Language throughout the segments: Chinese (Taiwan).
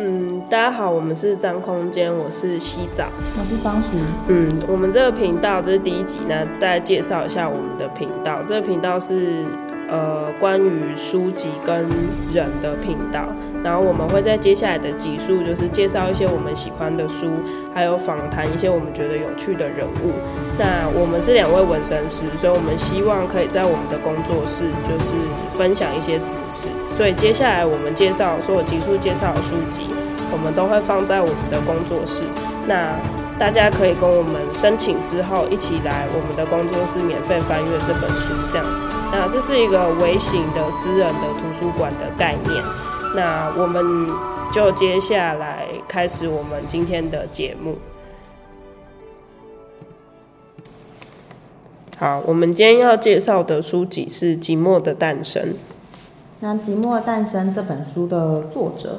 嗯，大家好，我們是髒空間，我是洗澡，我是張徐。嗯，我們這個頻道這是第一集呢，那大家介紹一下我們的頻道。這個頻道是。呃，關於書籍跟人的頻道，然後我們會在接下來的集數，就是介紹一些我們喜歡的書，還有訪談一些我們覺得有趣的人物。那我們是兩位紋身師，所以我們希望可以在我們的工作室，就是分享一些知識。所以接下來我們介紹，所有集數介紹的書籍，我們都會放在我們的工作室。那。大家可以跟我們申請之後，一起來我們的工作室免費翻閱這本書，這樣子。那這是一個微型的私人的圖書館的概念。那我們就接下來開始我們今天的節目。好，我們今天要介紹的書籍是《寂寞的誕生》。那《寂寞的誕生》這本書的作者。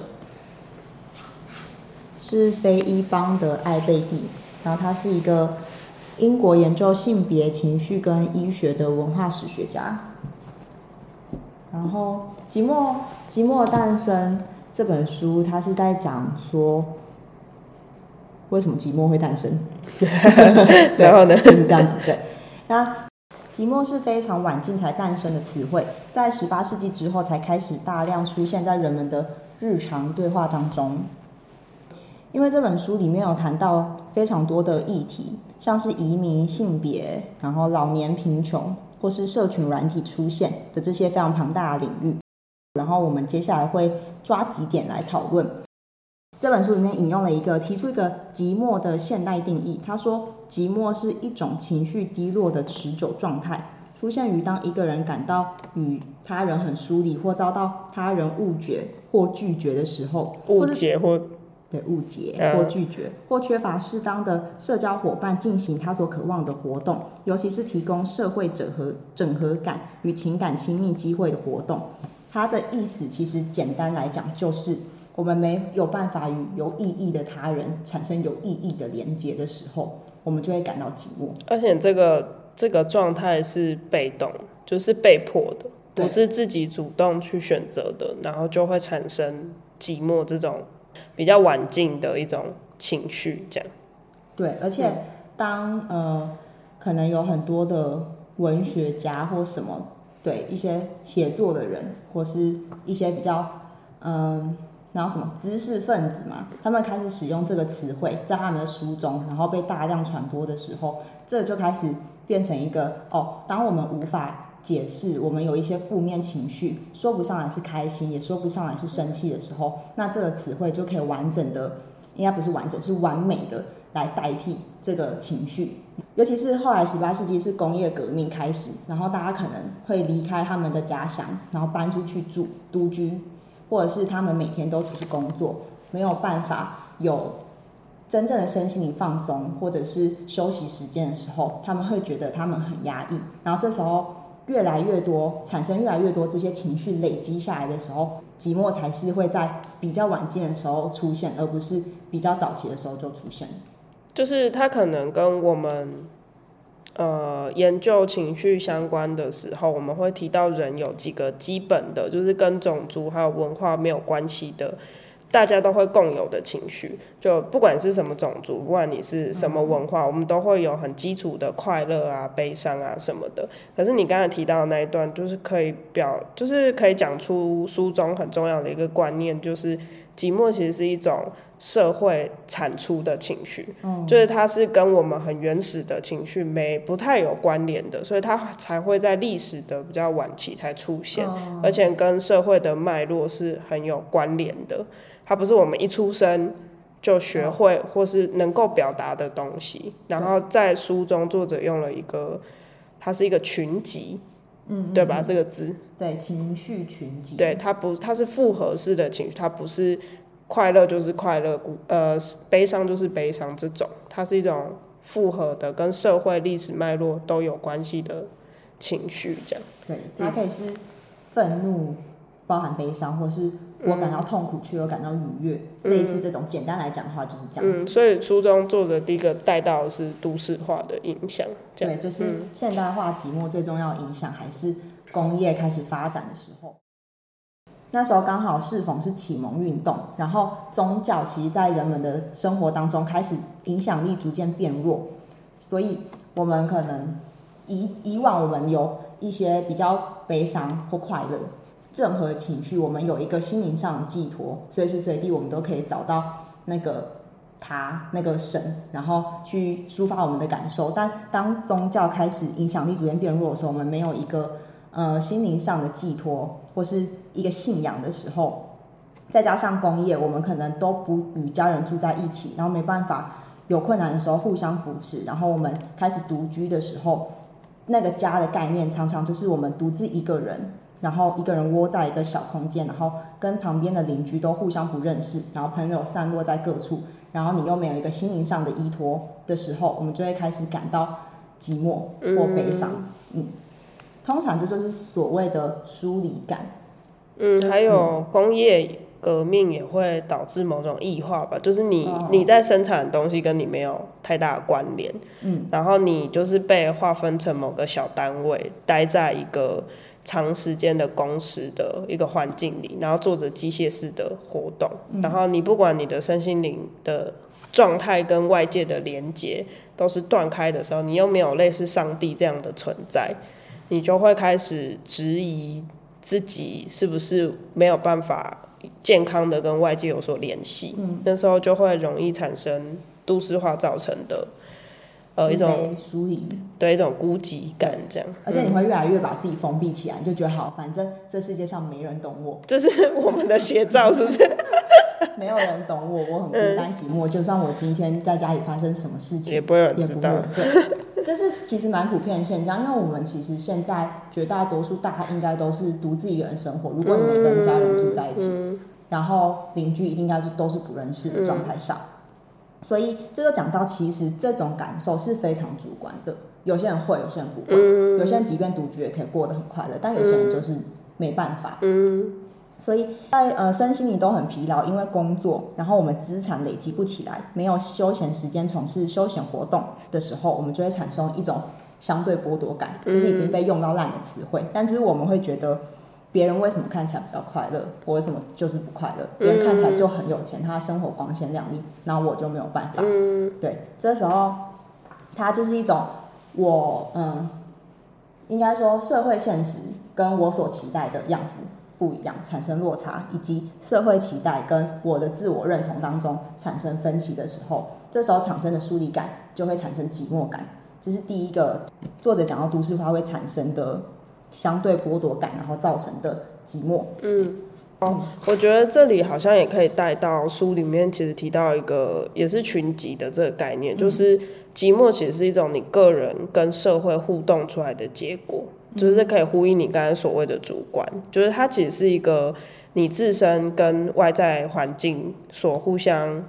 是非一邦的艾貝蒂，然後他是一個英國研究性別、情緒跟醫學的文化史學家。然後《寂寞寂寞誕生》這本書，他是在講說為什麼寂寞會誕生，然後呢就是這樣子對。然後寂寞是非常晚近才誕生的詞彙，在十八世紀之後才開始大量出現在人們的日常對話當中。因為這本書裡面有談到非常多的議題，像是移民、性別，然後老年貧窮，或是社群軟體出現的這些非常龐大的領域。然後我們接下來會抓幾點來討論。這本書裡面引用了一個提出一個寂寞的現代定義，他說寂寞是一種情緒低落的持久狀態，出現於當一個人感到與他人很疏離，或遭到他人誤解或拒絕的時候，誤解或。的誤解或拒絕，或缺乏適當的社交夥伴進行他所渴望的活動，尤其是提供社會整合、整合感與情感親密機會的活動。它的意思其實簡單來講，就是我們沒有辦法與有意義的他人產生有意義的連接的時候，我們就會感到寂寞。而且這個這個狀態是被動，就是被迫的，不是自己主動去選擇的，對然後就會產生寂寞這種。比較晚近的一種情緒，這樣。對，而且當呃，可能有很多的文學家或什麼，對一些寫作的人或是一些比較，嗯、呃，然後什麼知識分子嘛，他們開始使用這個詞彙在他們的書中，然後被大量傳播的時候，這就開始變成一個哦，當我們無法。解釋我們有一些負面情緒，說不上來是開心，也說不上來是生氣的時候，那這個詞彙就可以完整的，應該不是完整，是完美的來代替這個情緒。尤其是後來十八世紀是工業革命開始，然後大家可能會離開他們的家鄉，然後搬出去住獨居，或者是他們每天都只是工作，沒有辦法有真正的身心靈放鬆或者是休息時間的時候，他們會覺得他們很壓抑，然後這時候。越來越多產生越來越多這些情緒累積下來的時候，寂寞才是會在比較晚近的時候出現，而不是比較早期的時候就出現。就是他可能跟我們，呃，研究情緒相關的時候，我們會提到人有幾個基本的，就是跟種族還有文化沒有關係的。大家都會共有的情緒，就不管是什麼種族，不管你是什麼文化，嗯、我們都會有很基礎的快樂啊、悲傷啊什麼的。可是你剛才提到的那一段，就是可以表，就是可以講出書中很重要的一個觀念，就是寂寞其實是一種。社會產出的情緒，嗯、就是它是跟我們很原始的情緒沒不太有關聯的，所以它才會在歷史的比較晚期才出現，嗯、而且跟社會的脈絡是很有關聯的。它不是我們一出生就學會或是能夠表達的東西。嗯、然後在書中，作者用了一個，它是一個群集，嗯，嗯，嗯，對吧？這個字，對，情緒群集，對，它不，它是複合式的情緒，它不是。快樂就是快樂，呃悲傷就是悲傷，這種它是一種複合的，跟社會歷史脈絡都有關係的情緒，這樣。對，它可以是憤怒，包含悲傷，或是我感到痛苦卻又感到愉悅，嗯、類似這種。簡單來講的話就是這樣。嗯，所以書中做的第一個帶到的是都市化的影響，對，就是現代化寂寞最重要的影響還是工業開始發展的時候。那時候剛好適逢是啟蒙運動，然後宗教其實在人們的生活當中開始影響力逐漸變弱，所以我們可能以以往我們有一些比較悲傷或快樂任何情緒，我們有一個心靈上的寄託，隨時隨地我們都可以找到那個他那個神，然後去抒發我們的感受。但當宗教開始影響力逐漸變弱的時候，我們沒有一個。呃，心靈上的寄託或是一個信仰的時候，再加上工業，我們可能都不與家人住在一起，然後沒辦法有困難的時候互相扶持。然後我們開始獨居的時候，那個家的概念常常就是我們獨自一個人，然後一個人窩在一個小空間，然後跟旁邊的鄰居都互相不認識，然後朋友散落在各處，然後你又沒有一個心靈上的依託的時候，我們就會開始感到寂寞或悲傷，嗯。通常這就是所謂的疏離感。嗯，還有工業革命也會導致某種異化吧，就是你、oh. 你在生產的東西跟你沒有太大的關聯。嗯，然後你就是被劃分成某個小單位，待在一個長時間的工時的一個環境裡，然後做着機械式的活動。嗯、然後你不管你的身心靈的狀態跟外界的連接都是斷開的時候，你又沒有類似上帝這樣的存在。你就會開始質疑自己是不是沒有辦法健康的跟外界有所聯繫。嗯、那時候就會容易產生都市化造成的卑呃一種疏離，緣對一種孤寂感這樣，而且你會越來越把自己封閉起來，你就覺得好，反正這世界上沒人懂我，這是我們的寫照， 是不是？沒有人懂我，我很孤單寂寞，嗯、就算我今天在家裡發生什麼事情，也不會有人知道。這是其實蠻普遍的現象，因為我們其實現在絕大多數大家應該都是獨自一個人生活，如果你沒跟家人住在一起，然後鄰居一定應該是都是不認識的狀態下，所以這個講到其實這種感受是非常主觀的，有些人會，有些人不會，有些人即便獨居也可以過得很快樂，但有些人就是沒辦法。所以在呃身心裡都很疲勞，因為工作，然後我們資產累積不起來，沒有休閒時間從事休閒活動的時候，我們就會產生一種相對剝奪感，就是已經被用到爛的詞彙。嗯、但其實我們會覺得，別人為什麼看起來比較快樂，我為什麼就是不快樂？別、嗯、人看起來就很有錢，他的生活光鮮亮麗，然後我就沒有辦法。嗯、對，這時候他就是一種我嗯，應該說社會現實跟我所期待的樣子。不一樣，產生落差，以及社會期待跟我的自我認同當中產生分歧的時候，這時候產生的疏離感就會產生寂寞感。這、就是第一個作者講到都市化會產生的相對剝奪感，然後造成的寂寞。嗯，哦，我覺得這裡好像也可以帶到書裡面，其實提到一個也是群集的這個概念，嗯、就是寂寞其實是一種你個人跟社會互動出來的結果。就是可以呼應你剛剛所謂的主觀，就是它其實是一個你自身跟外在環境所互相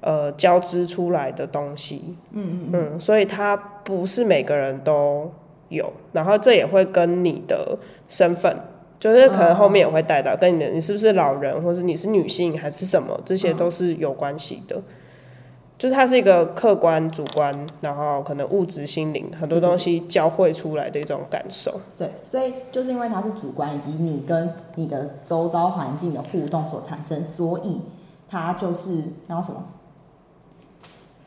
呃交織出來的東西。嗯嗯嗯，嗯所以它不是每個人都有，然後這也會跟你的身份，就是可能後面也會帶到跟你的，你是不是老人，或是你是女性還是什麼，這些都是有關係的。就是它是一個客觀、主觀，然後可能物質、心靈很多東西交匯出來的一種感受。嗯，對，所以就是因為它是主觀以及你跟你的周遭環境的互動所產生，所以它就是然後什麼？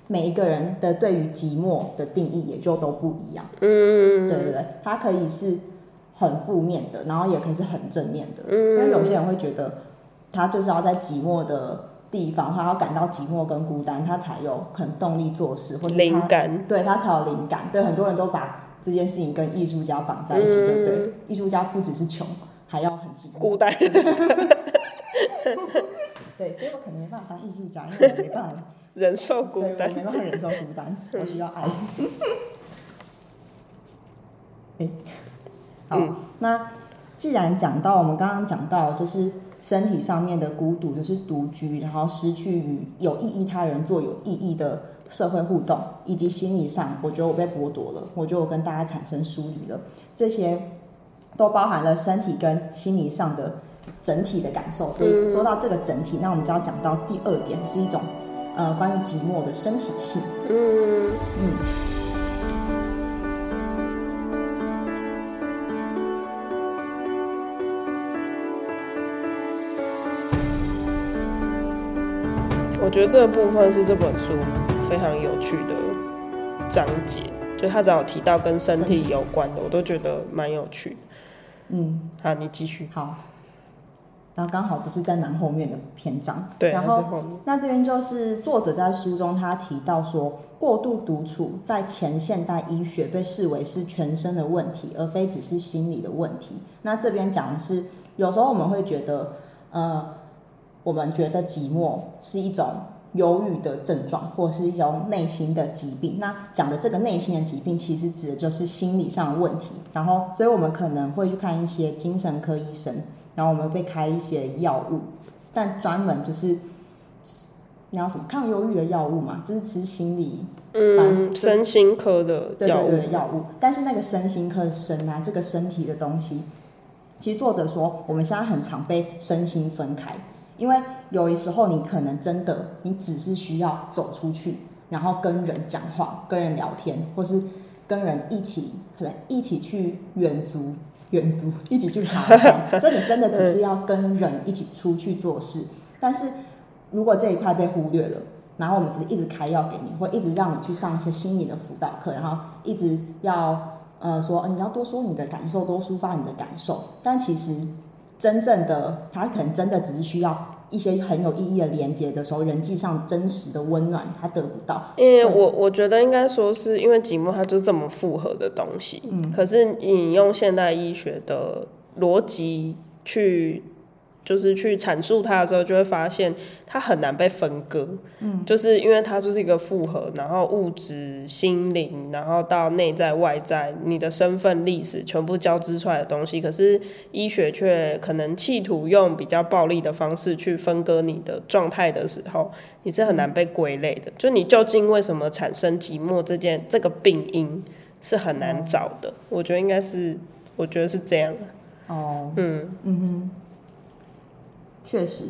每一個人的對於寂寞的定義也就都不一樣。嗯，對對對，它可以是很負面的，然後也可以是很正面的。嗯，因為有些人會覺得，他就是要在寂寞的。地方，他要感到寂寞跟孤單，他才有可能動力做事，或是他感對他才有靈感。對，很多人都把這件事情跟藝術家綁在一起，對不、嗯、對？藝術家不只是窮，還要很寂寞孤單。對， 對，所以我可能沒辦法當藝術家，因為我沒辦法忍受孤單，我沒辦法忍受孤單，我需要愛。嗯欸、好，那既然講到，我們剛剛講到就是。身體上面的孤獨就是獨居，然後失去與有意義他人做有意義的社會互動，以及心理上，我覺得我被剝奪了，我覺得我跟大家產生疏離了，這些都包含了身體跟心理上的整體的感受。所以說到這個整體，那我們就要講到第二點，是一種呃關於寂寞的身體性。嗯嗯。我覺得這個部分是這本書非常有趣的章節，就他只要提到跟身體有關的，身體。我都覺得蠻有趣的。嗯，好，你繼續。好，然後剛好只是在蠻後面的篇章，對，然後，後那這邊就是作者在書中他提到說，過度獨處在前現代醫學被視為是全身的問題，而非只是心理的問題。那這邊講的是，有時候我們會覺得，呃。我們覺得寂寞是一種憂鬱的症狀，或是一種內心的疾病。那講的這個內心的疾病，其實指的就是心理上的問題。然後，所以我們可能會去看一些精神科醫生，然後我們會開一些藥物，但專門就是你要什麼抗憂鬱的藥物嘛，就是吃心理嗯、就是、身心科的對對對藥物，但是那個身心科的身啊，這個身體的東西，其實作者說我們現在很常被身心分開。因為有的時候你可能真的，你只是需要走出去，然後跟人講話、跟人聊天，或是跟人一起，可能一起去遠足、遠足，一起去爬山。 所以你真的只是要跟人一起出去做事。對但是，如果這一塊被忽略了，然後我們只是一直開藥給你，或一直讓你去上一些心理的輔導課，然後一直要呃說呃，你要多說你的感受，多抒發你的感受。但其實。真正的他可能真的只是需要一些很有意義的連接的時候，人際上真實的溫暖他得不到。因為我為我覺得應該說是因為節目，它就這麼複合的東西，嗯，可是你用現代醫學的邏輯去。就是去闡述它的時候，就會發現它很難被分割。嗯，就是因為它就是一個複合，然後物質、心靈，然後到內在、外在，你的身份、歷史，全部交織出來的東西。可是醫學卻可能企圖用比較暴力的方式去分割你的狀態的時候，你是很難被歸類的。就你究竟為什麼產生寂寞這件這個病因是很難找的。哦、我覺得應該是，我覺得是這樣的。哦，嗯，嗯確實，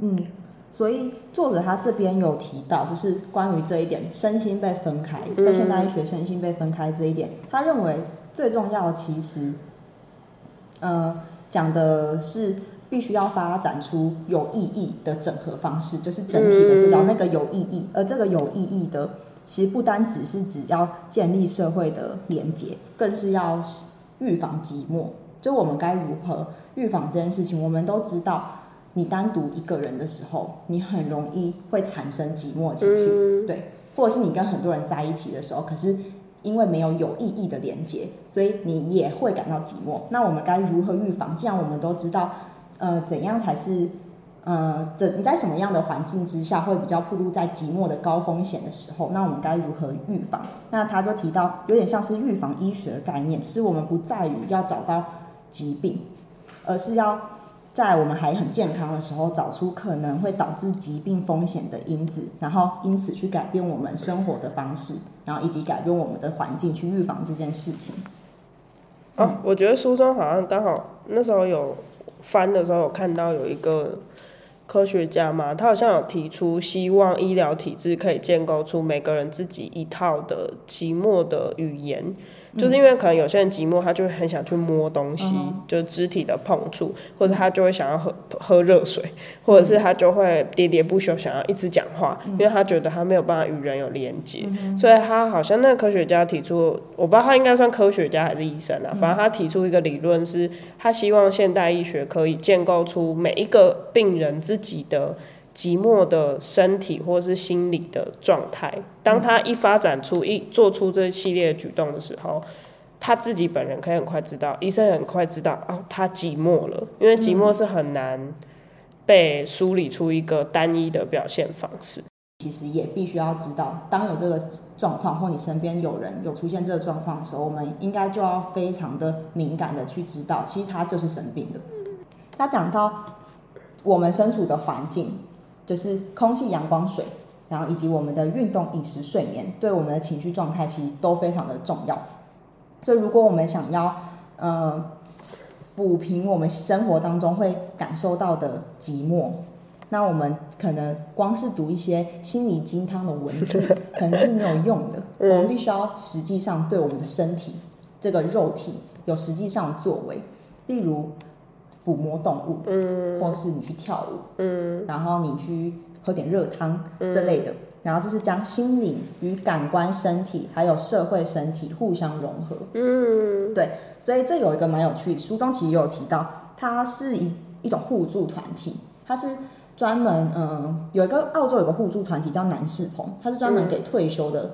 嗯，所以作者他這邊有提到，就是關於這一點，身心被分開。在現代醫學，身心被分開這一點，他認為最重要的其實，呃，講的是必須要發展出有意義的整合方式，就是整體的社交那個有意義，而這個有意義的，其實不單只是只要建立社會的聯結，更是要預防寂寞，就我們該如何。預防這件事情，我們都知道，你單獨一個人的時候，你很容易會產生寂寞情緒，對，或者是你跟很多人在一起的時候，可是因為沒有有意義的連接，所以你也會感到寂寞。那我們該如何預防？既然我們都知道，呃，怎樣才是，呃，怎你在什麼樣的環境之下會比較暴露在寂寞的高風險的時候，那我們該如何預防？那他就提到，有點像是預防醫學的概念，只、就是我們不在於要找到疾病。而是要在我們還很健康的時候，找出可能會導致疾病風險的因子，然後因此去改變我們生活的方式，然後以及改變我們的環境，去預防這件事情。哦，嗯，我覺得書中好像剛好那時候有翻的時候有看到有一個科學家嘛，他好像有提出希望醫療體制可以建構出每個人自己一套的寂寞的語言。就是因為可能有些人寂寞，他就很想去摸東西，就肢體的碰觸，或者他就會想要喝喝熱水，或者是他就會喋喋不休想要一直講話，因為他覺得他沒有辦法與人有連接，所以他好像那個科學家提出，我不知道他應該算科學家還是醫生啊，反正他提出一個理論是，他希望現代醫學可以建構出每一個病人自己的。寂寞的身體或是心理的狀態，當他一發展出一做出這一系列舉動的時候，他自己本人可以很快知道，醫生也很快知道啊，他寂寞了，因為寂寞是很難被梳理出一個單一的表現方式。其實也必須要知道，當有這個狀況或你身邊有人有出現這個狀況的時候，我們應該就要非常的敏感的去知道，其實他就是生病的。他講到我們身處的環境。就是空氣、陽光、水，然後以及我們的運動、飲食、睡眠，對我們的情緒狀態其實都非常的重要。所以，如果我們想要呃撫平我們生活當中會感受到的寂寞，那我們可能光是讀一些心理雞湯的文字，可能是沒有用的。我們必須要實際上對我們的身體這個肉體有實際上的作為，例如撫摸動物，嗯，或是你去跳舞，嗯，然後你去喝點熱湯、嗯、這類的，然後就是將心靈與感官、身體還有社會身體互相融合，嗯，對，所以這有一個蠻有趣，書中其實有提到，它是一一種互助團體，它是專門，嗯、呃，有一個澳洲有個互助團體叫男士棚，它是專門給退休的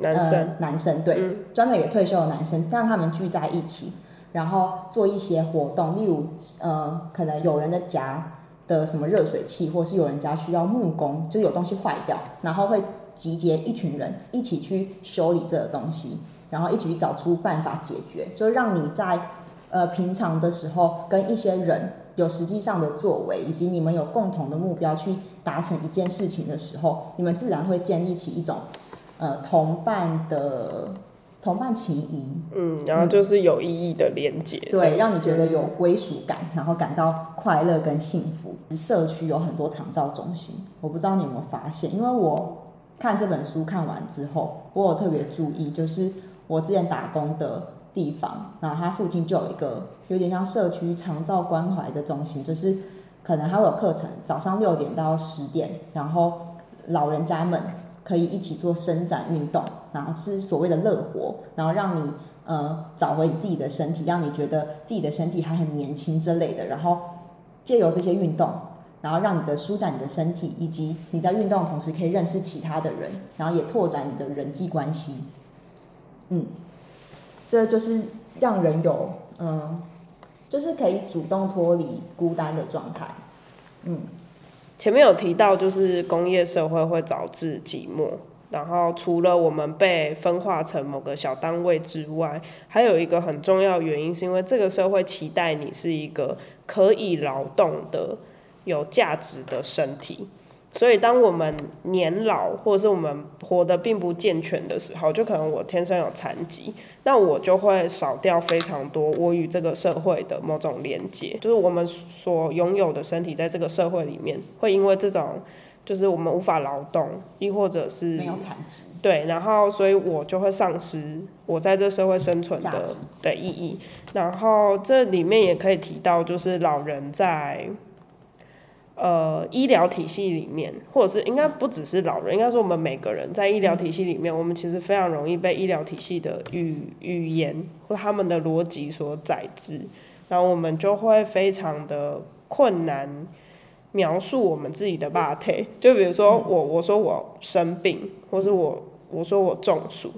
男、嗯呃、男生，男生對，嗯、專門給退休的男生，讓他們聚在一起，然後做一些活動，例如，呃，可能有人的家的什麼熱水器，或是有人家需要木工，就有東西壞掉，然後會集結一群人一起去修理這個東西，然後一起去找出辦法解決，就讓你在呃平常的時候跟一些人有實際上的作為，以及你們有共同的目標去達成一件事情的時候，你們自然會建立起一種呃同伴的。同伴情誼，嗯，然後就是有意義的連接，嗯、對，讓你覺得有歸屬感，然後感到快樂跟幸福。嗯、社區有很多長照中心，我不知道你有沒有發現，因為我看這本書看完之後，我有特別注意，就是我之前打工的地方，然後它附近就有一個有點像社區長照關懷的中心，就是可能它會有課程，早上六點到十點，然後老人家們可以一起做伸展運動。然後是所謂的樂活，然後讓你呃找回你自己的身體，讓你覺得自己的身體還很年輕之類的。然後借由這些運動，然後讓你的舒展你的身體，以及你在運動的同時可以認識其他的人，然後也拓展你的人際關係。嗯，這就是讓人有嗯，就是可以主動脫離孤單的狀態。嗯，前面有提到，就是工業社會會導致寂寞。然後，除了我們被分化成某個小單位之外，還有一個很重要原因，是因為這個社會期待你是一個可以勞動的、有價值的身體。所以，當我們年老或是我們活得並不健全的時候，就可能我天生有殘疾，那我就會少掉非常多我與這個社會的某種連接，就是我們所擁有的身體在這個社會裡面會因為這種。就是我們無法勞動，亦或者是沒有產值，對，然後所以我就會喪失我在這社會生存的的意義。然後這裡面也可以提到，就是老人在呃醫療體系裡面，或者是應該不只是老人，應該說我們每個人在醫療體系裡面，嗯、我們其實非常容易被醫療體系的語語言或他們的邏輯所宰制，然後我們就會非常的困難。描述我們自己的 body，就比如說我我說我生病，或是我我說我中暑，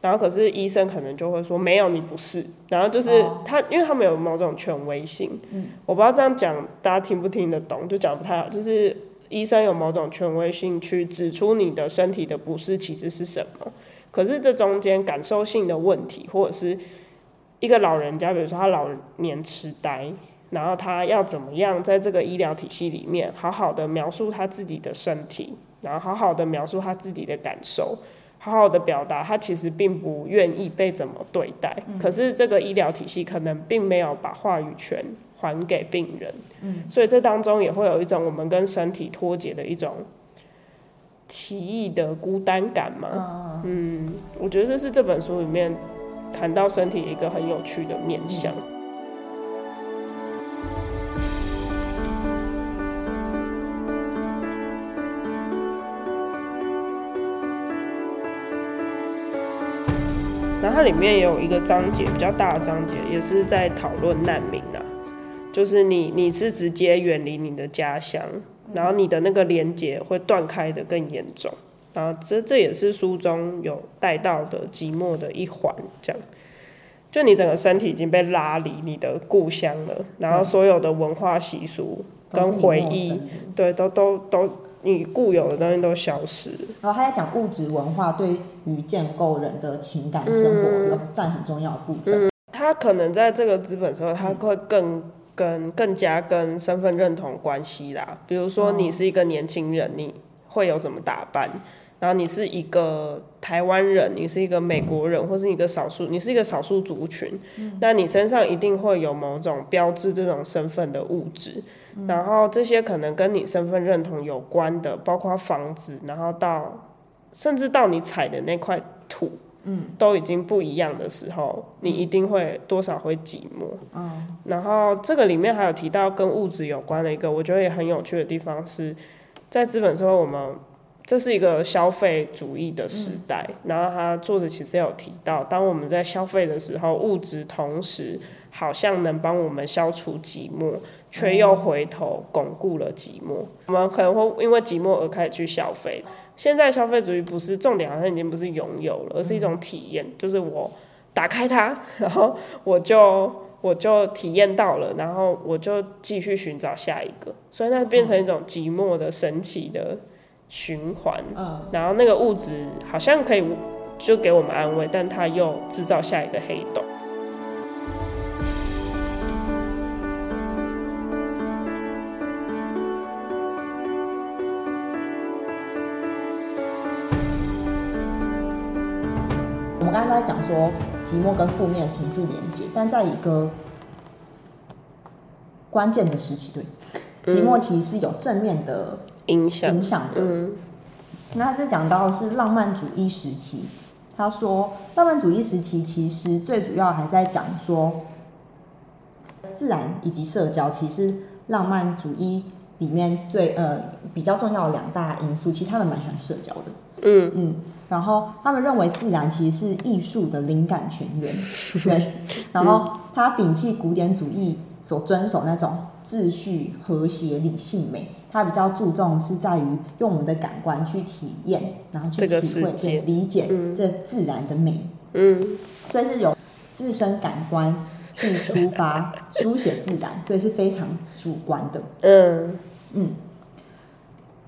然後可是醫生可能就會說，沒有，你不是，然後就是他，因為他們有某種權威性，我不知道這樣講大家聽不聽得懂，就講不太好，就是醫生有某種權威性去指出你的身體的不適其實是什麼，可是這中間感受性的問題，或者是一個老人家，比如說他老年痴呆。然後他要怎麼樣在這個醫療體系裡面好好的描述他自己的身體，然後好好的描述他自己的感受，好好的表達他其實並不願意被怎麼對待，嗯、可是這個醫療體系可能並沒有把話語權還給病人，嗯、所以這當中也會有一種我們跟身體脫節的一種奇異的孤單感嘛。哦、嗯，我覺得這是這本書裡面談到身體一個很有趣的面向。嗯然後它裡面也有一個章節，比較大的章節也是在討論難民啊，就是你你是直接遠離你的家鄉，然後你的那個連接會斷開的更嚴重，然後這這也是書中有帶到的寂寞的一環，這樣，就你整個身體已經被拉離你的故鄉了，然後所有的文化習俗跟回憶，對，都都都都。你固有的東西都消失。然後他在講物質文化對於建構人的情感生活有占很重要的部分，嗯嗯。他可能在這個資本社會，他會更更、更加跟身份認同的關係啦。比如說你是一個年輕人，嗯、你會有什麼打扮？然後你是一個台灣人，你是一個美國人，或是一個少數，你是一個少數族群，那、嗯、你身上一定會有某種標志這種身份的物質。嗯、然後這些可能跟你身份認同有關的，包括房子，然後到甚至到你踩的那塊土，嗯，都已經不一樣的時候，你一定會多少會寂寞。嗯、然後這個裡面還有提到跟物質有關的一個，我覺得也很有趣的地方是，在資本社會，我們這是一個消費主義的時代。嗯、然後他作者其實也有提到，當我們在消費的時候，物質同時好像能幫我們消除寂寞，卻又回頭鞏固了寂寞。我們可能會因為寂寞而開始去消費。現在消費主義不是重點，好像已經不是擁有了，而是一種體驗，就是我打開它，然後我就我就體驗到了，然後我就繼續尋找下一個。所以那變成一種寂寞的神奇的循環。嗯，然後那個物質好像可以就給我們安慰，但它又製造下一個黑洞。他講說，寂寞跟負面情緒連接，但在一個關鍵的時期，對、嗯、寂寞其實是有正面的影響影響的。嗯，那他在講到是浪漫主義時期，他說浪漫主義時期其實最主要還是在講說自然以及社交。其實浪漫主義裡面最呃比較重要的兩大因素，其實他們蠻喜歡社交的。嗯嗯。嗯然後他們認為自然其實是藝術的靈感泉源，對。然後他摒棄古典主義所遵守那種秩序、和諧、理性美，他比較注重是在於用我們的感官去體驗，然後去體會、去理解這自然的美。嗯，嗯，所以是由自身感官去出發書寫自然，所以是非常主觀的。嗯，嗯。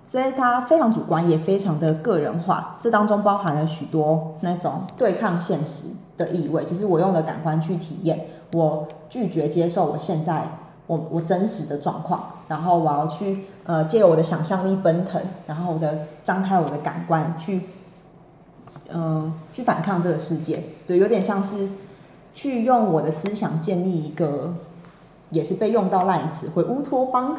所以它非常主觀，也非常的個人化。這當中包含了許多那種對抗現實的意味，就是我用的感官去體驗，我拒絕接受我現在我我真實的狀況，然後我要去呃借由我的想象力奔騰，然後我的張開我的感官去，嗯、呃，去反抗這個世界，對，有點像是去用我的思想建立一個。也是被用到爛詞，回烏托邦，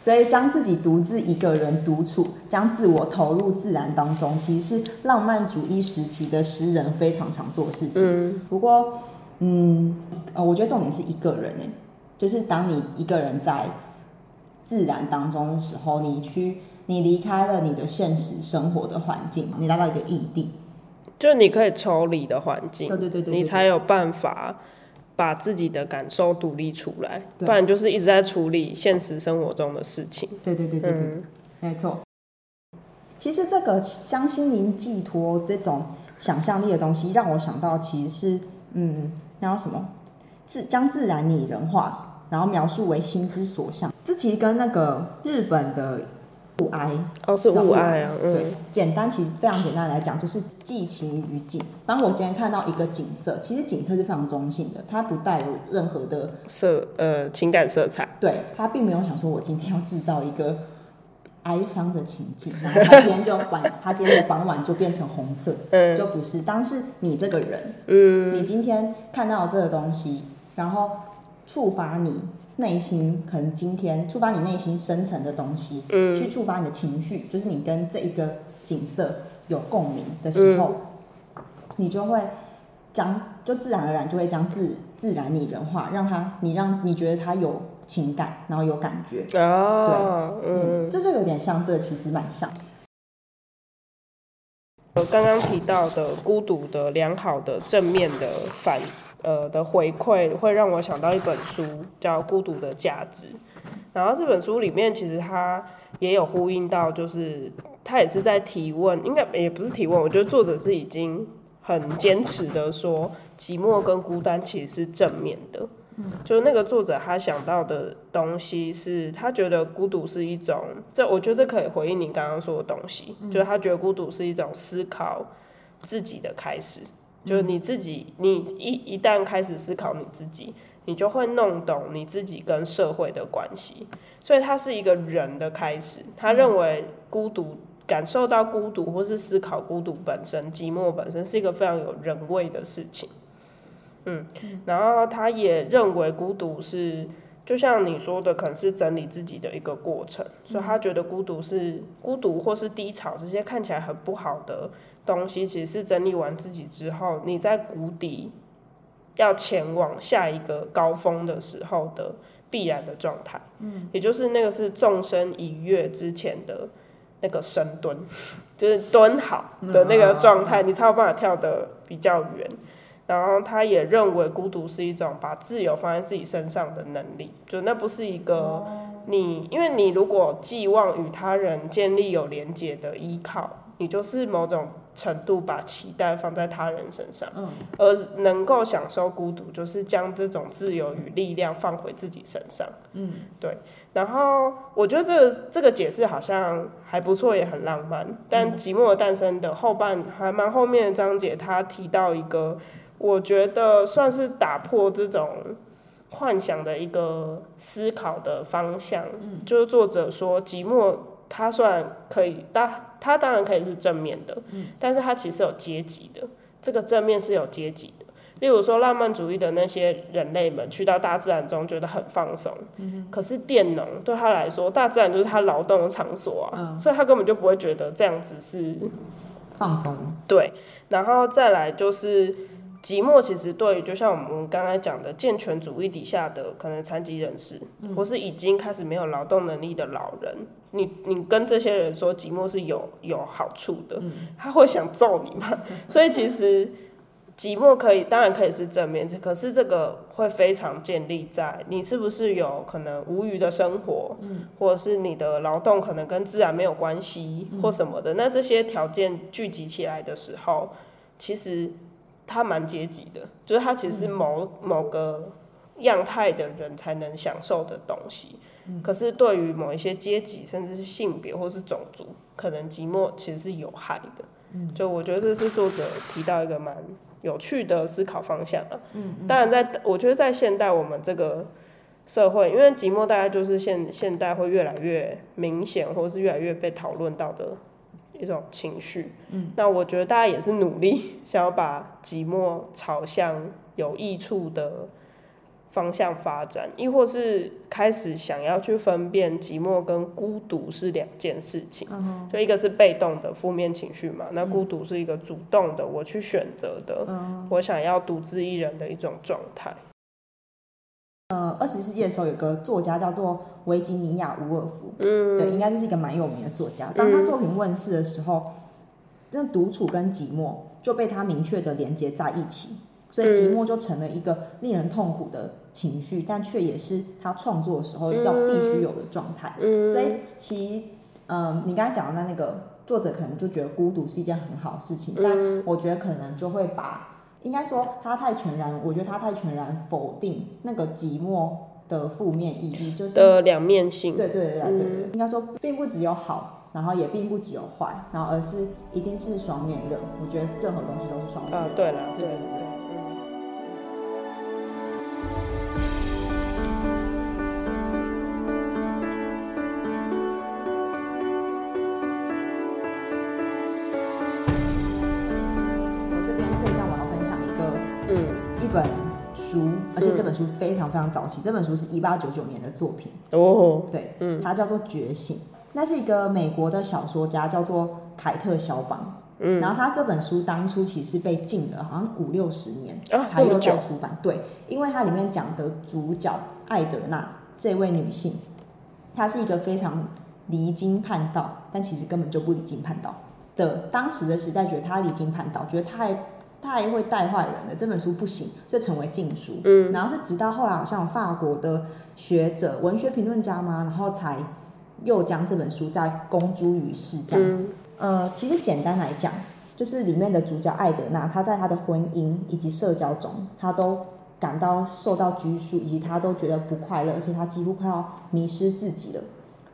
所以將自己獨自一個人獨處，將自我投入自然當中，其實是浪漫主義時期的詩人非常常做的事情。嗯、不過，嗯，我覺得重點是一個人誒，就是當你一個人在自然當中的時候，你去，你離開了你的現實生活的環境，你來到一個異地，就你可以抽離的環境，對對對，你才有辦法。把自己的感受獨立出來，對不然就是一直在處理現實生活中的事情。對對對對對、嗯，沒錯。其實這個將心靈寄託、這種想象力的東西，讓我想到其實是，嗯，那什麼，自將自然擬人化，然後描述為心之所向。這其實跟那個日本的。哀哦，是物哀啊。對，簡單，其實非常簡單來講，嗯、就是寄情於景。當我今天看到一個景色，其實景色是非常中性的，它不帶有任何的色呃情感色彩。對，他並沒有想說，我今天要製造一個哀傷的情境。他今天就晚，他 今天的傍晚就變成紅色，嗯、就不是。但是你這個人，嗯，你今天看到這個東西，然後觸發你。內心可能今天觸發你內心深層的東西，嗯、去觸發你的情緒，就是你跟這一個景色有共鳴的時候，嗯、你就會將就自然而然就會將自自然擬人化，讓他，你讓你覺得他有情感，然後有感覺。啊、對，嗯，嗯，這就有點像，這其實蠻像。我剛剛提到的孤獨的、良好的、正面的反應。呃的回饋會讓我想到一本書叫《孤獨的價值》，然後這本書裡面其實它也有呼應到，就是他也是在提問，應該也不是提問，我覺得作者是已經很堅持的說，寂寞跟孤單其實是正面的。嗯。就是那個作者他想到的東西是他覺得孤獨是一種，這我覺得這可以回應你剛剛說的東西，嗯。就是他覺得孤獨是一種思考自己的開始。就是你自己，你一一旦開始思考你自己，你就會弄懂你自己跟社會的關係。所以他是一個人的開始。他認為孤獨，感受到孤獨或是思考孤獨本身、寂寞本身，是一個非常有人味的事情。嗯，然後他也認為孤獨是，就像你說的，可能是整理自己的一個過程。所以他覺得孤獨是孤獨或是低潮，這些看起來很不好的。東西其實是整理完自己之後，你在谷底要前往下一個高峰的時候的必然的狀態，嗯，也就是那個是縱身一躍之前的那個深蹲， 就是蹲好的那個狀態，你才有辦法跳得比較遠。嗯、然後他也認為孤獨是一種把自由放在自己身上的能力，就那不是一個你，因為你如果寄望與他人建立有連結的依靠，你就是某種。程度把期待放在他人身上，嗯、而能夠享受孤獨，就是將這種自由與力量放回自己身上。嗯，對。然後我覺得這個、這個解釋好像還不錯，也很浪漫。但《寂寞的誕生》的後半，還蠻後面的章節，他提到一個，我覺得算是打破這種幻想的一個思考的方向。嗯、就是作者說寂寞。它雖然可以當，它當然可以是正面的，嗯、但是它其實有階級的。這個正面是有階級的，例如說浪漫主義的那些人類們去到大自然中覺得很放鬆，嗯哼，可是佃農對他來說，大自然就是他勞動的場所啊，嗯、所以他根本就不會覺得這樣子是放鬆。對，然後再來就是。寂寞其實對於就像我們剛才講的健全主義底下的可能殘疾人士，或是已經開始沒有勞動能力的老人，你你跟這些人說寂寞是有有好處的，他會想揍你嘛？所以其實寂寞可以當然可以是正面，可是這個會非常建立在你是不是有可能無虞的生活，或者是你的勞動可能跟自然沒有關係或什麼的。那這些條件聚集起來的時候，其實。它蠻階級的，就是它其實是某、嗯、某個樣態的人才能享受的東西。嗯、可是對於某一些階級，甚至是性別或是種族，可能寂寞其實是有害的。嗯。就我覺得這是作者提到一個蠻有趣的思考方向啊。嗯，嗯，當然在，在我覺得在現代我們這個社會，因為寂寞大家就是現現代會越來越明顯，或是越來越被討論到的。一種情緒，嗯，那我覺得大家也是努力想要把寂寞朝向有益處的方向發展，亦或是開始想要去分辨寂寞跟孤獨是兩件事情，嗯哼，就一個是被動的負面情緒嘛，那孤獨是一個主動的，我去選擇的，嗯，我想要獨自一人的一種狀態。呃，二十世紀的時候，有個作家叫做維吉尼亞·伍爾夫，嗯、對，應該就是一個蠻有名的作家。當他作品問世的時候，嗯、那獨處跟寂寞就被他明確的連接在一起，所以寂寞就成了一個令人痛苦的情緒，但卻也是他創作的時候要必須有的狀態。所以其，其嗯，你剛才講的那個作者，可能就覺得孤獨是一件很好的事情，但我覺得可能就會把。應該說，他太全然，我覺得他太全然否定那個寂寞的負面意義，就是兩面性。對對對對對，嗯、對對對，應該說並不只有好，然後也並不只有壞，然後而是一定是雙面的。我覺得任何東西都是雙面的。呃。對了，對對對。書非常非常早期，這本書是一八九九年的作品哦，oh, 對，嗯，它叫做《覺醒》，那、嗯、是一個美國的小說家叫做凱特·肖邦，嗯，然後他這本書當初其實被禁了，好像五六十年、啊、才又再出版，對，因為它裡面講的主角艾德娜這位女性，她是一個非常離經叛道，但其實根本就不離經叛道的，當時的時代覺得她離經叛道，覺得她還他也會帶壞人的，這本書不行，就成為禁書。嗯，然後是直到後來，好像有法國的學者、文學評論家嘛，然後才又將這本書再公諸於世，這樣子，嗯。呃，其實簡單來講，就是裡面的主角艾德娜，她在她的婚姻以及社交中，她都感到受到拘束，以及她都覺得不快樂，而且她幾乎快要迷失自己了。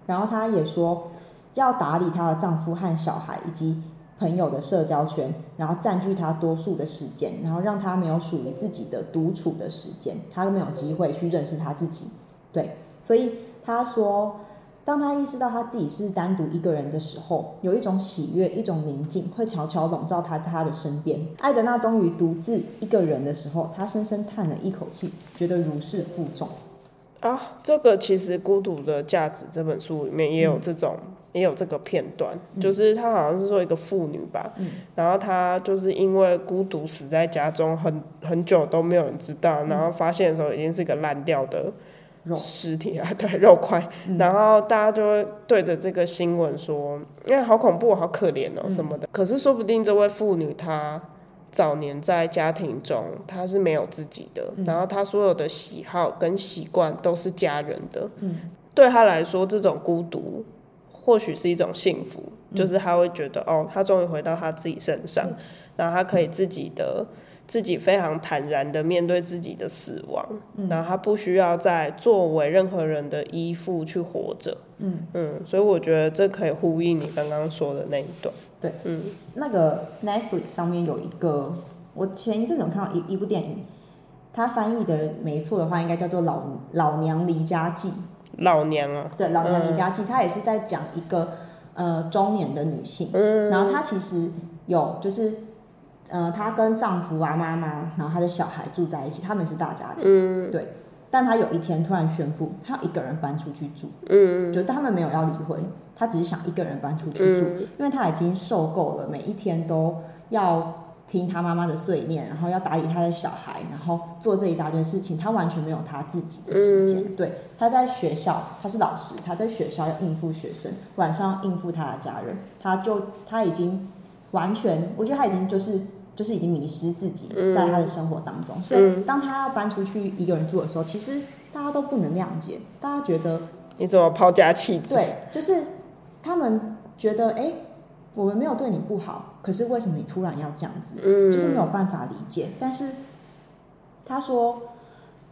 然後她也說要打理她的丈夫和小孩，以及。朋友的社交圈，然後佔據他多數的時間，然後讓他沒有屬於自己的獨處的時間，他又沒有機會去認識他自己。對，所以他說，當他意識到他自己是單獨一個人的時候，有一種喜悅，一種寧靜，會悄悄籠罩他他的身邊。艾德娜終於獨自一個人的時候，他深深嘆了一口氣，覺得如釋負重。啊，這個其實《孤獨的價值》這本書裡面也有這種。嗯也有這個片段，就是他好像是說一個婦女吧，嗯、然後她就是因為孤獨死在家中很，很很久都沒有人知道，嗯、然後發現的時候已經是一個爛掉的屍體啊，對肉、哎，肉塊，嗯、然後大家就會對着這個新聞說，因為好恐怖，好可憐哦、喔、什麼的。嗯、可是說不定這位婦女她早年在家庭中她是沒有自己的，嗯、然後她所有的喜好跟習慣都是家人的，嗯、對她來說這種孤獨。或許是一種幸福，就是他會覺得、嗯、哦，他終於回到他自己身上，嗯、然後他可以自己的、嗯、自己非常坦然的面對自己的死亡，嗯、然後他不需要再作為任何人的依附去活着。嗯嗯，所以我覺得這可以呼應你剛剛說的那一段。對，嗯，那個 Netflix 上面有一個，我前一陣子看到一一部電影，他翻譯的沒錯的話，應該叫做老《老老娘離家記》。老娘啊！對，老娘離家記，她、嗯、也是在講一個呃，中年的女性，然後她其實有就是呃，她跟丈夫啊、媽媽，然後她的小孩住在一起，他們是大家庭，嗯、對。但她有一天突然宣布，她一個人搬出去住，嗯，就是他們沒有要離婚，她只是想一個人搬出去住，嗯、因為她已經受夠了每一天都要。聽他媽媽的碎念，然後要打理他的小孩，然後做這一大堆事情，他完全沒有他自己的時間。嗯、對，他在學校他是老師，他在學校要應付學生，晚上要應付他的家人，他就他已經完全，我覺得他已經就是就是已經迷失自己在他的生活當中。嗯、所以當他要搬出去一個人住的時候，其實大家都不能諒解，大家覺得你怎麼拋家棄子？對，就是他們覺得哎、欸，我們沒有對你不好。可是為什麼你突然要這樣子？就是沒有辦法理解。嗯、但是他說，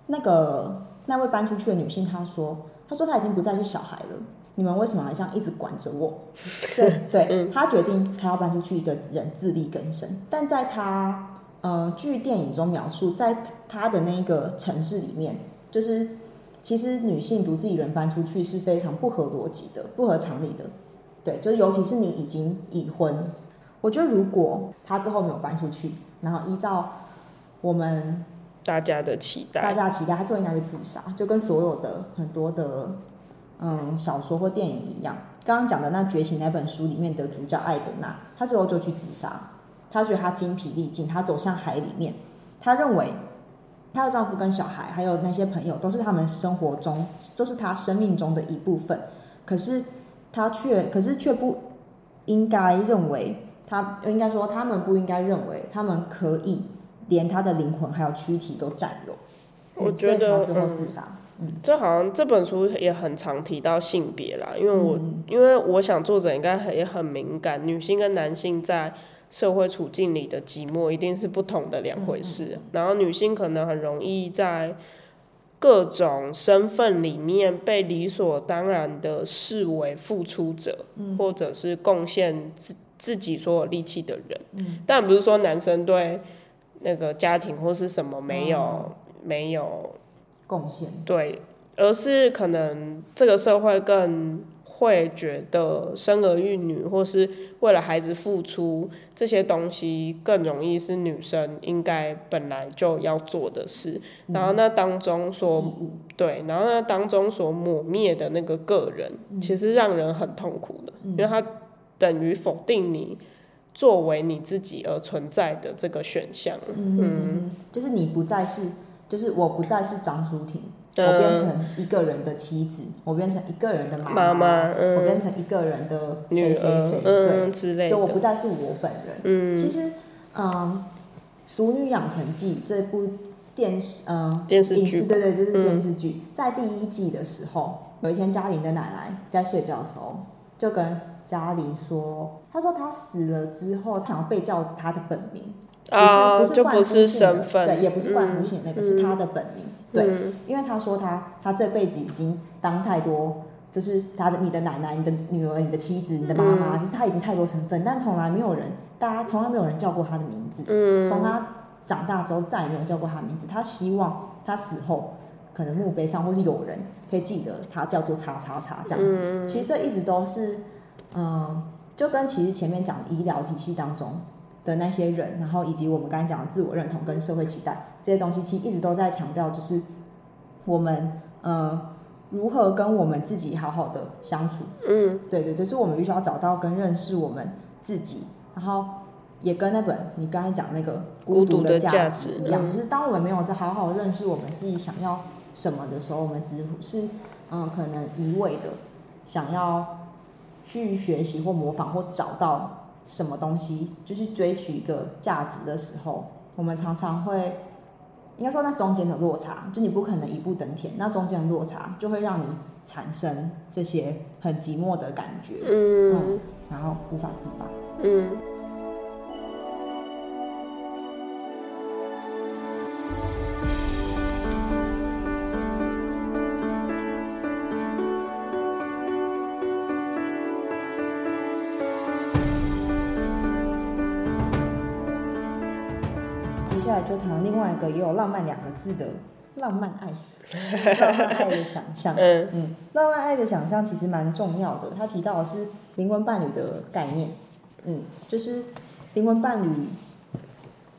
那個那位搬出去的女性，她說，她說她已經不再是小孩了。你們為什麼還這樣一直管着我？對 對，她決定她要搬出去，一個人自力更生。但在她，嗯、呃，據電影中描述，在她的那個城市裡面，就是其實女性獨自一人搬出去是非常不合邏輯的、不合常理的。對，就是尤其是你已經已婚。我覺得，如果他之後沒有搬出去，然後依照我們大家的期待，大家的期待，他最後應該會自殺，就跟所有的很多的嗯小說或電影一樣。剛剛講的那《覺醒》那本書裡面的主角艾德娜，她最後就去自殺。她覺得她精疲力盡，她走向海裡面。她認為她的丈夫跟小孩，還有那些朋友，都是他們生活中，都、就是她生命中的一部分。可是她卻，可是卻不應該認為。他應該說，他們不應該認為他們可以連他的靈魂還有軀體都佔有，我覺得、嗯、所以他最後自殺、嗯、這好像這本書也很常提到性別啦，因為我、嗯、因為我想作者應該也很敏感，女性跟男性在社會處境裡的寂寞一定是不同的兩回事。嗯嗯然後女性可能很容易在各種身份裡面被理所當然的視為付出者，嗯、或者是貢獻。自己所有力氣的人，嗯，但不是說男生對那個家庭或是什麼沒有、嗯、沒有貢獻，對，而是可能這個社會更會覺得生兒育女或是為了孩子付出這些東西更容易是女生應該本來就要做的事，嗯、然後那當中說、嗯、對，然後那當中所抹滅的那個個人，嗯、其實讓人很痛苦的，嗯、因為他。等於否定你作為你自己而存在的這個選項，嗯，嗯，就是你不再是，就是我不再是張淑婷，嗯、我變成一個人的妻子，我變成一個人的媽媽，媽媽嗯、我變成一個人的誰誰誰，兒對、嗯，之類，就我不再是我本人。嗯，其實，嗯，《俗女養成記》這部電視，嗯、呃，電視劇，對對，對，這是電視劇，嗯、在第一季的時候，有一天嘉玲的奶奶在睡覺的時候，就跟。家裡說，他說他死了之後，他想要被叫他的本名，啊、不是冠不是慣身份，對，也不是冠夫姓那個，嗯、是他的本名，對，嗯、因為他說他他這輩子已經當太多，就是他的你的奶奶、你的女兒、你的妻子、你的媽媽，其實、嗯、他已經太多身份，但從來沒有人，大家從來沒有人叫過他的名字，從、嗯、他長大之後再也沒有叫過他的名字，他希望他死後可能墓碑上或是有人可以記得他叫做叉叉叉這樣子，嗯、其實這一直都是，嗯，就跟其實前面講的醫療體系當中的那些人，然後以及我們剛才講的自我認同跟社會期待這些東西，其實一直都在強調，就是我們呃、嗯、如何跟我們自己好好的相處。嗯，對對，就是我們必須要找到跟認識我們自己，然後也跟那本你剛才講那個孤獨的價值一樣。其實、嗯、當我們沒有在好好認識我們自己想要什麼的時候，我們只是嗯可能一味的想要。去學習或模仿或找到什麼東西，就是追求一個價值的時候，我們常常會，應該說那中間的落差，就你不可能一步登天，那中間的落差就會讓你產生這些很寂寞的感覺，嗯，嗯，然後無法自拔，嗯。就談另外一個也有浪漫兩個字的浪漫愛，浪漫愛的想象， 嗯，浪漫愛的想象其實蠻重要的。他提到的是靈魂伴侶的概念，嗯，就是靈魂伴侶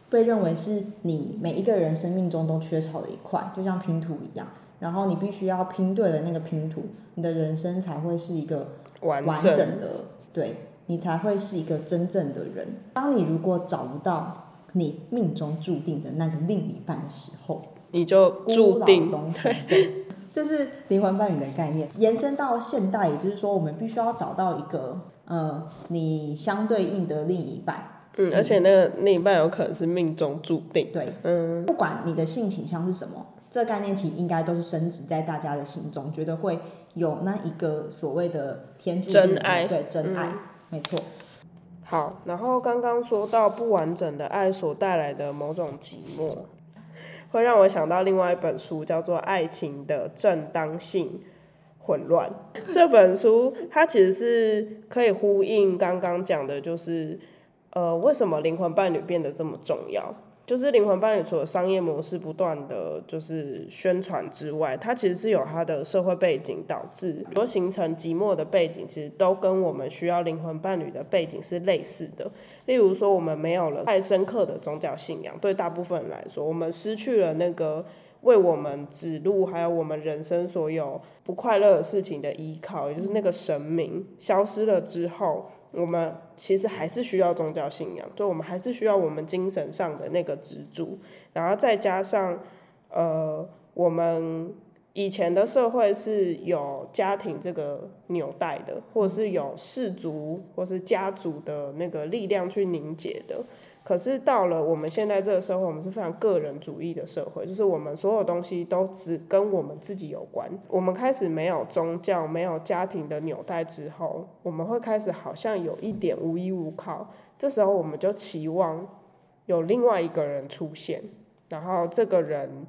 被認為是你每一個人生命中都缺少的一塊，就像拼圖一樣，然後你必須要拼對了那個拼圖，你的人生才會是一個完整的，整。對你才會是一個真正的人。當你如果找不到，你命中注定的那個另一半的時候，你就註定中對，對，這是靈魂伴侶的概念。延伸到現代，也就是說，我們必須要找到一個，呃，你相對應的另一半。嗯，而且那個另一半有可能是命中註定，對，嗯，不管你的性傾向是什麼，這個概念其實應該都是深植在大家的心中，覺得會有那一個所謂的天註定愛，對，真愛，嗯、沒錯。好，然後剛剛說到不完整的愛所帶來的某種寂寞，會讓我想到另外一本書，叫做《愛情的正當性混亂》這本書，它其實是可以呼應剛剛講的，就是呃，為什麼靈魂伴侶變得這麼重要。就是靈魂伴侶，除了商業模式不斷的就是宣傳之外，它其實是有它的社會背景導致，很多形成寂寞的背景，其實都跟我們需要靈魂伴侶的背景是類似的。例如說，我們沒有了太深刻的宗教信仰，對大部分人來說，我們失去了那個為我們指路，還有我們人生所有不快樂的事情的依靠，也就是那個神明消失了之後。我們其實還是需要宗教信仰，就我們還是需要我們精神上的那個支柱，然後再加上，呃，我們以前的社會是有家庭這個紐帶的，或者是有氏族或是家族的那個力量去凝結的。可是到了我們現在這個社會，我們是非常個人主義的社會，就是我們所有東西都只跟我們自己有關。我們開始沒有宗教、沒有家庭的紐帶之後，我們會開始好像有一點無依無靠。這時候我們就期望有另外一個人出現，然後這個人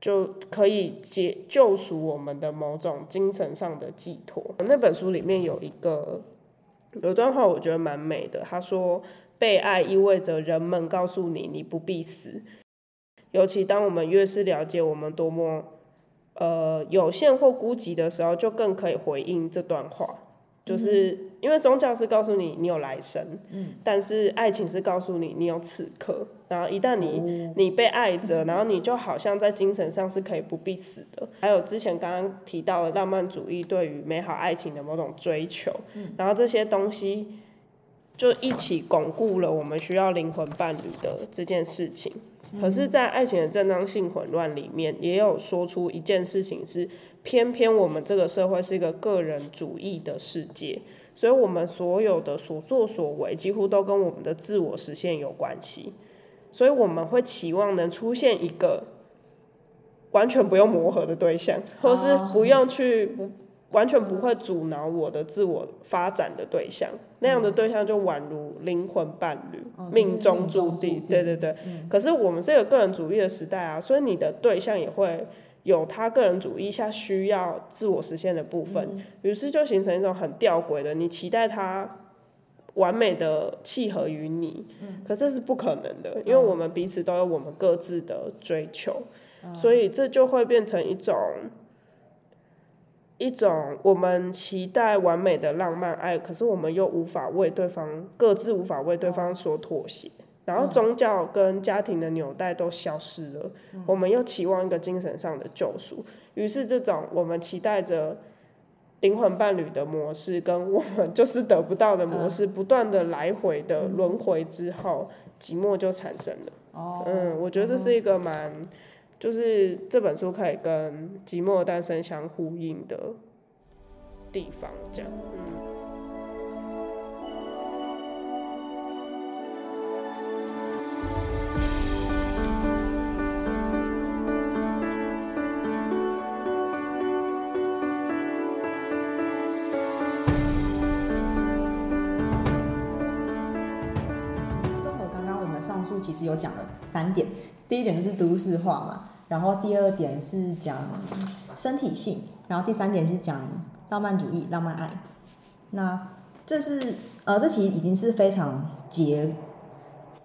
就可以解救贖我們的某種精神上的寄託。那本書裡面有一個有段話，我覺得蠻美的，他說，被愛意味着人們告訴你，你不必死。尤其當我們越是了解我們多麼，呃，有限或孤寂的時候，就更可以回應這段話，就是因為宗教是告訴你，你有來生，但是愛情是告訴你，你有此刻，然後一旦你你被愛着，然後你就好像在精神上是可以不必死的。還有之前剛剛提到的浪漫主義對於美好愛情的某種追求，然後這些東西。就一起鞏固了我們需要靈魂伴侶的這件事情。可是，在愛情的正當性混亂裡面，也有說出一件事情是：偏偏我們這個社會是一個個人主義的世界，所以我們所有的所作所為幾乎都跟我們的自我實現有關係。所以我們會期望能出現一個完全不用磨合的對象，或是不用去。完全不會阻撓我的自我發展的對象，嗯、那樣的對象就宛如靈魂伴侶，嗯、命中注定。哦就是、命中注定對對對。嗯、可是我們這個個人主義的時代啊，所以你的對象也會有他個人主義下需要自我實現的部分，於、嗯、是就形成一種很吊詭的，你期待他完美的契合於你，嗯、可是這是不可能的，因為我們彼此都有我們各自的追求，嗯、所以這就會變成一種。一種我們期待完美的浪漫愛，可是我們又無法為對方各自無法為對方說妥協，然後宗教跟家庭的紐帶都消失了，我們又期望一個精神上的救贖，於是這種我們期待着靈魂伴侶的模式跟我們就是得不到的模式不斷的來回的輪迴之後，寂寞就產生了。嗯，我覺得這是一個蠻。就是這本書可以跟《寂寞的誕生》相呼應的地方，這樣，嗯。其實有講了三點，第一點就是都市化嘛，然後第二點是講身體性，然後第三點是講浪漫主義、浪漫愛。那這是呃，這其實已經是非常節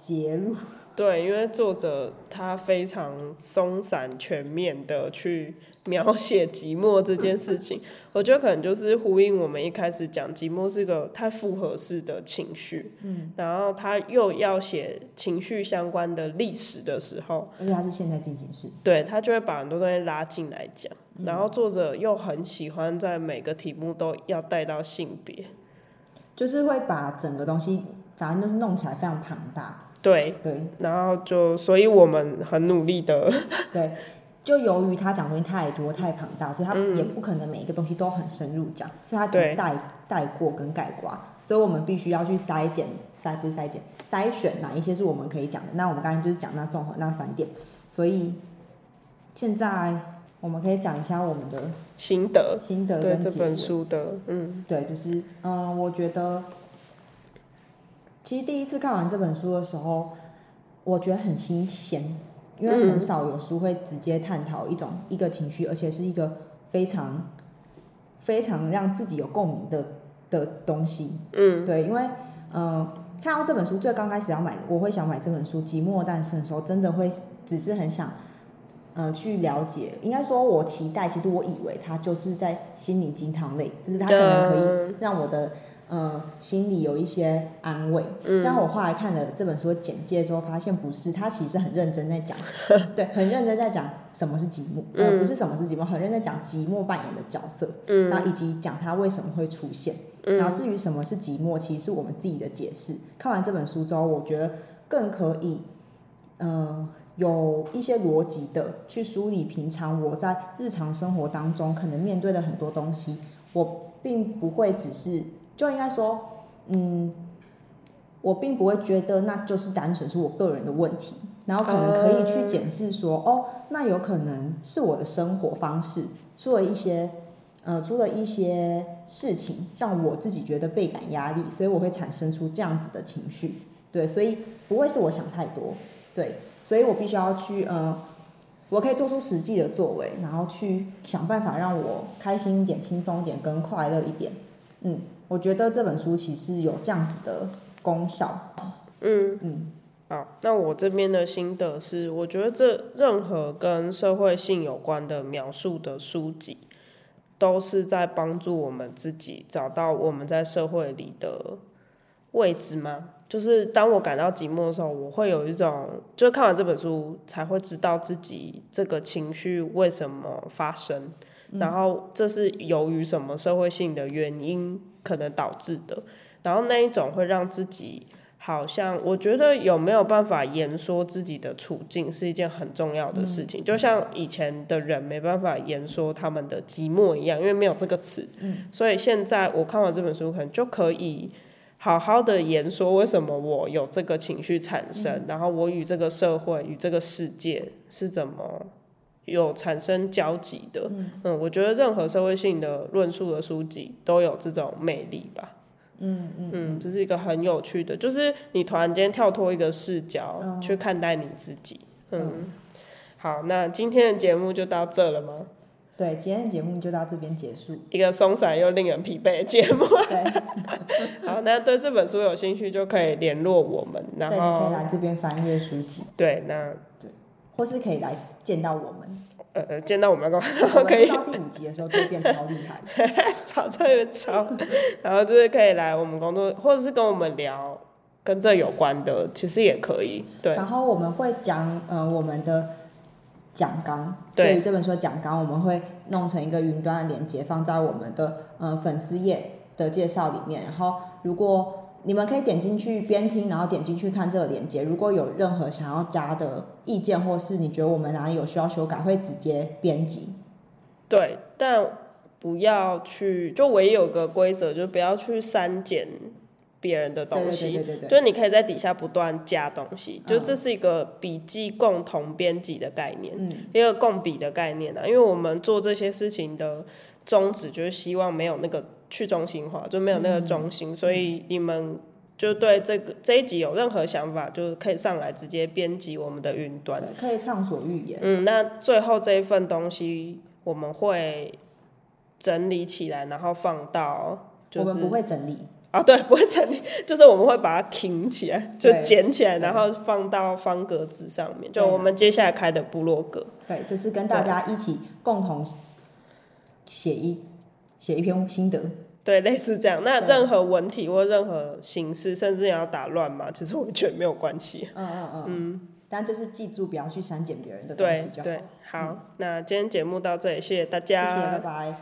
錄。對，因為作者他非常鬆散、全面的去描寫寂寞這件事情， 我覺得可能就是呼應我們一開始講，寂寞是一個太複合式的情緒。嗯。然後他又要寫情緒相關的歷史的時候，而且他是現在進行時。對，他就會把很多東西拉進來講。嗯。然後作者又很喜歡在每個題目都要帶到性別，就是會把整個東西反正就是弄起來非常龐大。對對，然後就，所以我們很努力的。對，就由於他講東西太多太龐大，所以他也不可能每一個東西都很深入講，嗯、所以他只是帶帶過跟概括，所以我們必須要去篩檢，篩不是篩檢，篩選哪一些是我們可以講的。那我們剛才就是講那綜合的那三點，所以現在我們可以講一下我們的心得、心得跟這本書的。嗯，對，就是嗯，我覺得。其實第一次看完這本書的時候，我覺得很新鮮，因為很少有書會直接探討一種、嗯、一個情緒，而且是一個非常非常讓自己有共鳴的的東西。嗯，對，因為嗯、呃，看到這本書最剛開始要買，我會想買這本書《寂寞的誕生》的時候，真的會只是很想呃去了解，應該說我期待，其實我以為它就是在心靈雞湯類，就是它可能可以讓我的。嗯嗯、呃，心裡有一些安慰。但我後來看了這本書簡介之後，發現不是他其實很認真在講，對，很認真在講什麼是寂寞，嗯、 呃，不是什麼是寂寞，很認真在講寂寞扮演的角色，嗯，那以及講他為什麼會出現。然後至於什麼是寂寞，其實是我們自己的解釋。看完這本書之後，我覺得更可以，嗯、呃，有一些邏輯的去梳理平常我在日常生活當中可能面對的很多東西，我並不會只是。就應該說，嗯，我並不會覺得那就是單純是我個人的問題，然後可能可以去檢視說，哦，那有可能是我的生活方式出了一些，呃，出了一些事情，讓我自己覺得倍感壓力，所以我會產生出這樣子的情緒，對，所以不會是我想太多，對，所以我必須要去，呃，我可以做出實際的作為，然後去想辦法讓我開心一點、輕鬆一點、更快樂一點，嗯。我覺得這本書其實有這樣子的功效。嗯嗯，嗯好，那我這邊的心得是，我覺得這任何跟社會性有關的描述的書籍，都是在幫助我們自己找到我們在社會裡的位置嗎？就是當我感到寂寞的時候，我會有一種，就看完這本書才會知道自己這個情緒為什麼發生，嗯、然後這是由於什麼社會性的原因。可能導致的，然後那一種會讓自己好像，我覺得有沒有辦法言說自己的處境是一件很重要的事情，嗯，就像以前的人沒辦法言說他們的寂寞一樣，因為沒有這個詞。嗯，所以現在我看完這本書，可能就可以好好的言說為什麼我有這個情緒產生，嗯，然後我與這個社會與這個世界是怎麼。有產生交集的，嗯，嗯，我覺得任何社會性的論述的書籍都有這種魅力吧，嗯嗯嗯，嗯，這是一個很有趣的，就是你突然間跳脫一個視角去看待你自己，嗯，嗯，嗯，好，那今天的節目就到這了嗎？對，今天的節目就到這邊結束，嗯、一個鬆散又令人疲憊的節目。 對好，那對這本書有興趣就可以聯絡我們，然後可以來這邊翻閱書籍。對，那對。或是可以來見到我們，呃呃，見到我們工作。我們到第五集的時候就會 變超厲害，超超超。然後就是可以來我們工作，或者是跟我們聊跟這有關的，其實也可以。對。然後我們會講呃我們的講綱，對，對於這本書的講綱，我們會弄成一個雲端的連結，放在我們的呃粉絲頁的介紹裡面。然後如果你們可以點進去邊聽，然後點進去看這個鏈接。如果有任何想要加的意見，或是你覺得我們哪裡有需要修改，會直接編輯。對，但不要去，就唯一有個規則，就是不要去刪減別人的東西。對對對對。就是你可以在底下不斷加東西，就這是一個筆記共同編輯的概念，嗯、一個共筆的概念啊。因為我們做這些事情的宗旨，就是希望沒有那個。去中心化就沒有那個中心，嗯，所以你們就對這個這一集有任何想法，就是可以上來直接編輯我們的雲端，可以暢所欲言。嗯，那最後這一份東西我們會整理起來，然後放到，就是我們不會整理啊，對，不會整理，就是我們會把它挺起來，就撿起來，對然後放到方格子上面，就我們接下來開的部落格。對，對，就是跟大家一起共同寫一寫一篇心得，對，類似這樣。那任何文體或任何形式，甚至也要打亂嘛，其實我覺得沒有關係。嗯嗯嗯，嗯，但就是記住不要去刪減別人的東西。對對，好，嗯、那今天節目到這裡，謝謝大家，謝謝，拜拜。